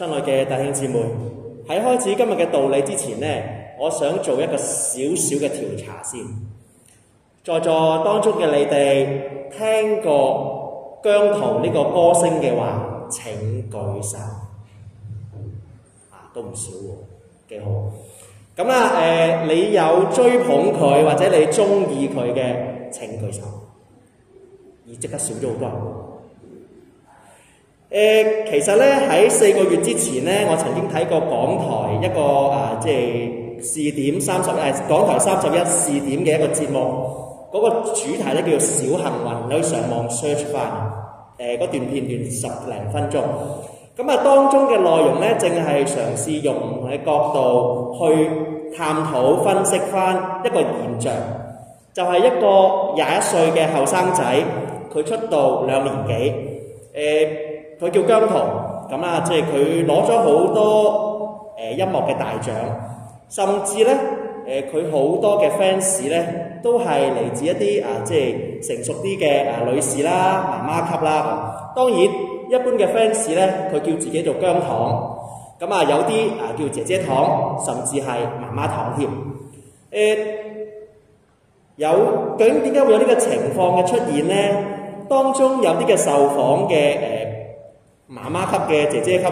親愛嘅弟兄姊妹，喺開始今日嘅道理之前呢，我想做一個小小嘅調查先，在座當中嘅你哋聽過姜濤呢個歌星嘅話，請舉手。啊，都唔少喎、啊，幾好。咁啊，誒、呃，你有追捧佢或者你中意佢嘅，請舉手。而家、啊、即刻少咗好多人。誒、呃，其實咧喺四個月之前呢，我曾經睇過港台一個啊、呃，即係試點三十一，港台三十一試點嘅一個節目。嗰、那個主題咧叫做《小幸運》，你可以上網 search 翻誒嗰段片段十零分鐘。咁啊，當中嘅內容呢，正係嘗試用唔同嘅角度去探討分析翻一個現象，就係、是、一個廿一歲嘅後生仔，佢出道兩年幾誒。呃佢叫姜濤咁啦，即係佢攞咗好多誒音樂嘅大獎，甚至咧誒佢好多嘅 fans 咧都係嚟自一啲啊，即係成熟啲嘅啊女士啦、媽媽級啦。當然一般嘅 fans 咧，佢叫自己做姜糖，咁啊有啲啊叫姐姐糖，甚至係媽媽糖添。誒有究竟點解會有呢個情況嘅出現咧？當中有啲嘅受訪嘅誒。媽媽級嘅姐姐級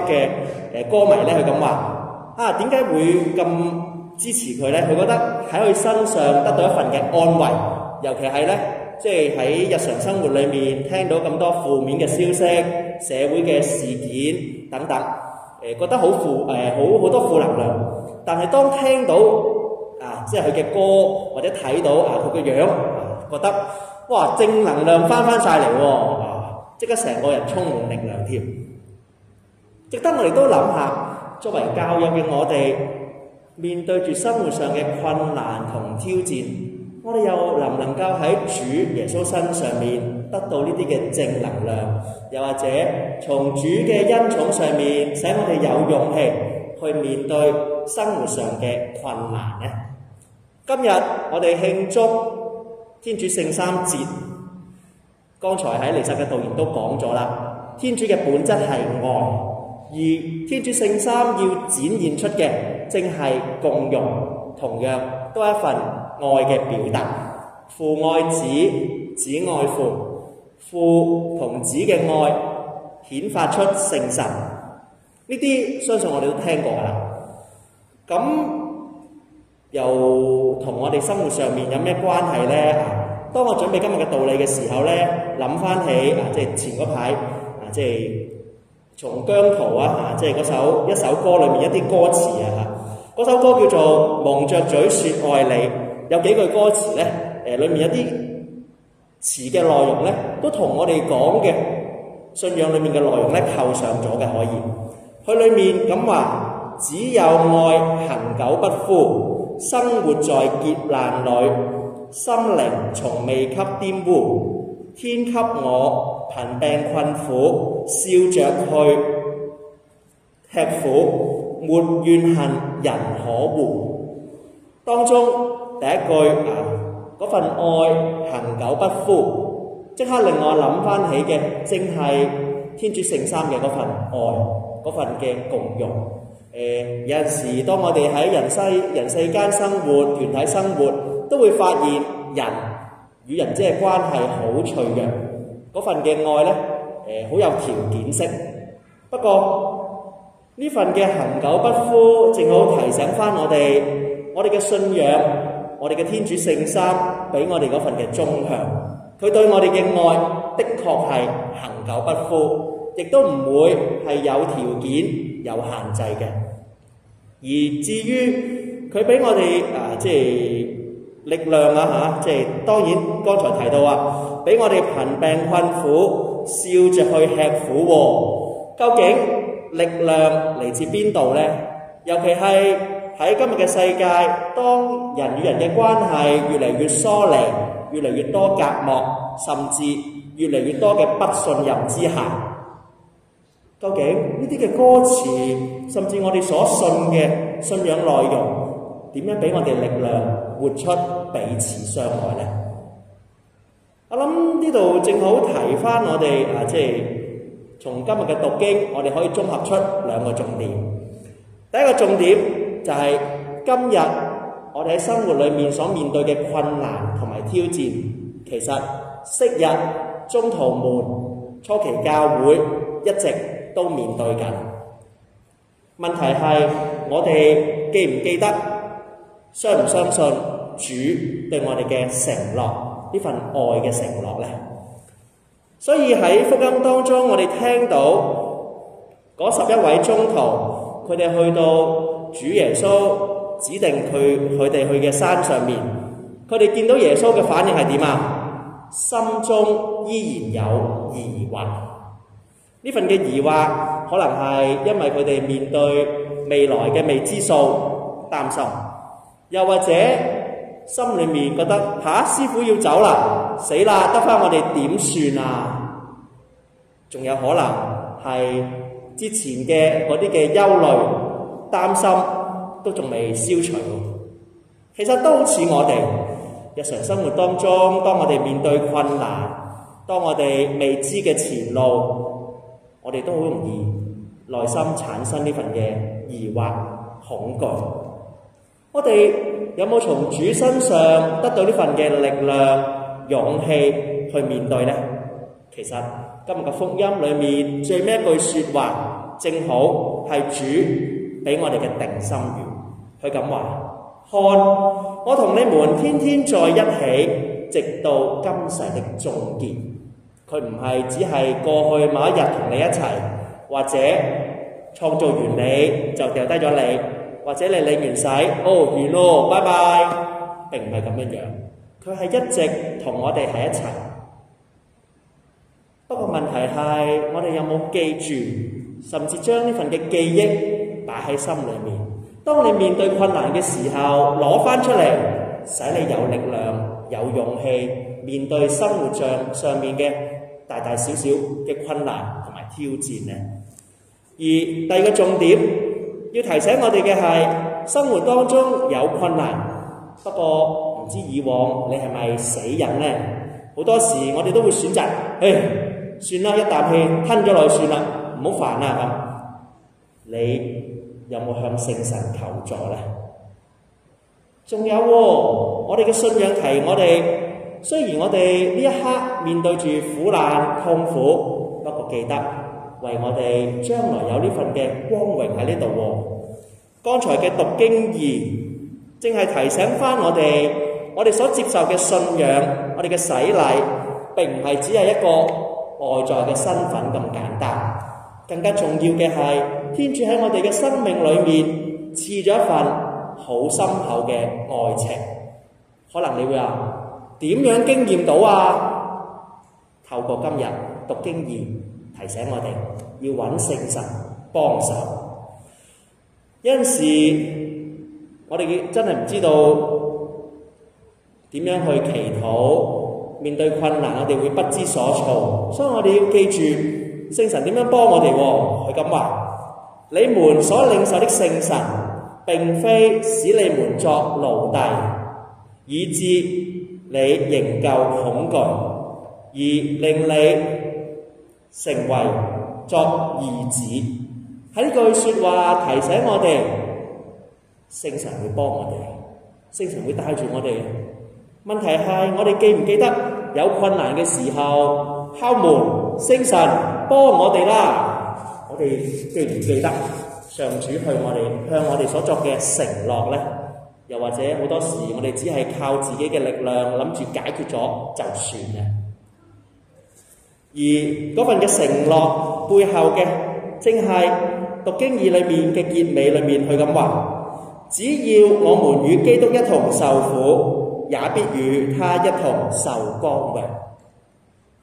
值得我哋都諗下，作為教友嘅我哋，面對住生活上嘅困難同挑戰，我哋又能唔能夠喺主耶穌身上面得到呢啲嘅正能量，又或者從主嘅恩寵上面，使我哋有勇氣去面對生活上嘅困難呢？今日我哋慶祝天主聖三節，剛才喺彌撒嘅導言都講咗啦，天主嘅本質係愛。而天主聖三要展現出嘅，正係共融，同樣都係一份愛嘅表達，父愛子，子愛父，父同子嘅愛顯發出聖神。呢啲相信我哋都聽過啦。咁又同我哋生活上面有咩關係呢？當我準備今日嘅道理嘅時候呢，諗翻起啊，即係前嗰排啊，即係。從姜濤啊，即係嗰首一首歌裏面一啲歌詞啊，嗰首歌叫做《蒙着嘴說愛你》，有幾句歌詞咧，誒、呃，裏面一啲詞嘅內容咧，都同我哋講嘅信仰裏面嘅內容咧扣上咗嘅，可以佢裏面咁話，只有愛恒久不枯，生活在劫難裏，心靈從未給玷污。天給我貧病困苦，笑着去吃苦，沒怨恨人可惡。當中第一句啊，嗰份愛恆久不枯，即刻令我諗翻起嘅，正係天主聖三嘅嗰份愛，嗰份嘅共融。誒，有陣時當我哋喺人世、人世間生活、團體生活，都會發現人與人即係關係好脆弱，嗰份嘅愛咧，誒好有條件式。不過呢份嘅恆久不枯，正好提醒翻我哋，我哋嘅信仰，我哋嘅天主聖三，俾我哋嗰份嘅忠強。佢對我哋嘅愛，的確係恆久不枯，亦都唔會係有條件、有限制嘅。而至於佢俾我哋啊，即係。力量啊嚇，即係當然。剛才提到啊，俾我哋貧病困苦，笑著去吃苦喎。究竟力量嚟自邊度呢？尤其係喺今日嘅世界，當人與人嘅關係越嚟越疏離，越嚟越多隔膜，甚至越嚟越多嘅不信任之下，究竟呢啲嘅歌詞，甚至我哋所信嘅信仰內容，點樣俾我哋力量活出彼此傷害呢？我諗呢度正好提返我哋啊，即係從今日嘅讀經，我哋可以綜合出兩個重點。第一個重點就係今日我哋喺生活裏面所面對嘅困難同埋挑戰，其實昔日中途門初期教會一直都面對緊。問題係我哋記唔記得？相唔相信主對我哋嘅承諾，呢份愛嘅承諾咧？所以喺福音當中，我哋聽到嗰十一位宗徒，佢哋去到主耶穌指定佢佢哋去嘅山上面，佢哋見到耶穌嘅反應係點啊？心中依然有疑惑。呢份嘅疑惑可能係因為佢哋面對未來嘅未知數擔心。又或者心裏面覺得吓、啊，師傅要走啦，死啦，得翻我哋點算啊？仲有可能係之前嘅嗰啲嘅憂慮、擔心都仲未消除。其實都似我哋日常生活當中，當我哋面對困難，當我哋未知嘅前路，我哋都好容易內心產生呢份嘅疑惑、恐懼。我哋有冇從主身上得到呢份嘅力量、勇氣去面對呢？其實今日嘅福音裏面最尾一句説話，正好係主畀我哋嘅定心丸。佢咁話：看，我同你們天天在一起，直到今世的終結。佢唔係只係過去某一日同你一齊，或者創造完你就掉低咗你。或者你領完洗，哦，完咯，拜拜。並唔係咁樣樣，佢係一直同我哋喺一齊。不過問題係，我哋有冇記住，甚至將呢份嘅記憶擺喺心裏面？當你面對困難嘅時候，攞返出嚟，使你有力量、有勇氣面對生活上上面嘅大大小小嘅困難同埋挑戰呢。而第二個重點。要提醒我哋嘅係，生活當中有困難，不過唔知以往你係咪死忍咧？好多時我哋都會選擇，唉，算啦，一啖氣吞咗落去算啦，唔好煩啦吓。你有冇向聖神求助咧？仲有，我哋嘅信仰提我哋，雖然我哋呢一刻面對住苦難、痛苦，不過記得。為我哋將來有呢份嘅光榮喺呢度喎。剛才嘅讀經二，正係提醒翻我哋，我哋所接受嘅信仰，我哋嘅洗禮，並唔係只係一個外在嘅身份咁簡單。更加重要嘅係，天主喺我哋嘅生命裏面賜咗一份好深厚嘅愛情。可能你會話，點樣經驗到啊？透過今日讀經二。提醒我哋要揾聖神幫手。有陣時，我哋真係唔知道點樣去祈禱，面對困難我哋會不知所措，所以我哋要記住聖神點樣幫我哋喎。佢咁話：你們所領受的聖神，並非使你們作奴隸，以致你仍舊恐懼，而令你。成為作義子。喺呢句說話提醒我哋，聖神會幫我哋，聖神會帶住我哋。問題係我哋記唔記得有困難嘅時候敲門，聖神幫我哋啦。我哋記唔記得上主向我向我哋向我哋所作嘅承諾咧？又或者好多時我哋只係靠自己嘅力量諗住解決咗就算啦。而嗰份嘅承諾背後嘅，正係讀經二裏面嘅結尾裏面，去咁話， 只要我們與基督一同受苦，也必與他一同受光榮，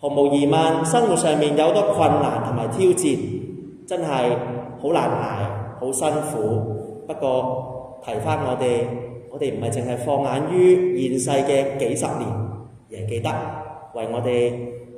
毫無疑問，生活上面有多困難同埋挑戰，真係好難捱好辛苦。不過提翻我哋，我哋唔係淨係放眼於現世嘅幾十年，而係記得為我哋。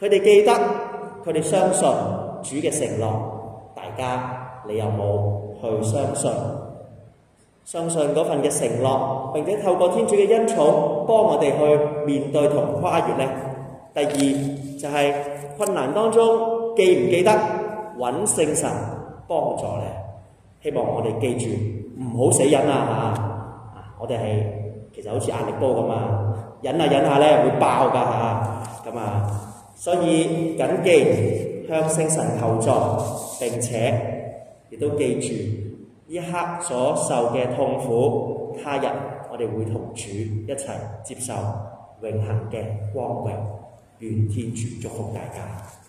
佢哋記得，佢哋相信主嘅承諾。大家你有冇去相信、相信嗰份嘅承諾？並且透過天主嘅恩寵幫我哋去面對同跨越呢。第二就係困難當中記唔記得揾聖神幫助呢？希望我哋記住唔好死忍啊！啊，我哋係其實好似壓力煲咁啊，忍下忍下咧會爆㗎吓咁啊！所以謹記向聖神求助，並且亦都記住一刻所受嘅痛苦，他日我哋會同主一齊接受永恆嘅光榮。願天主祝福大家。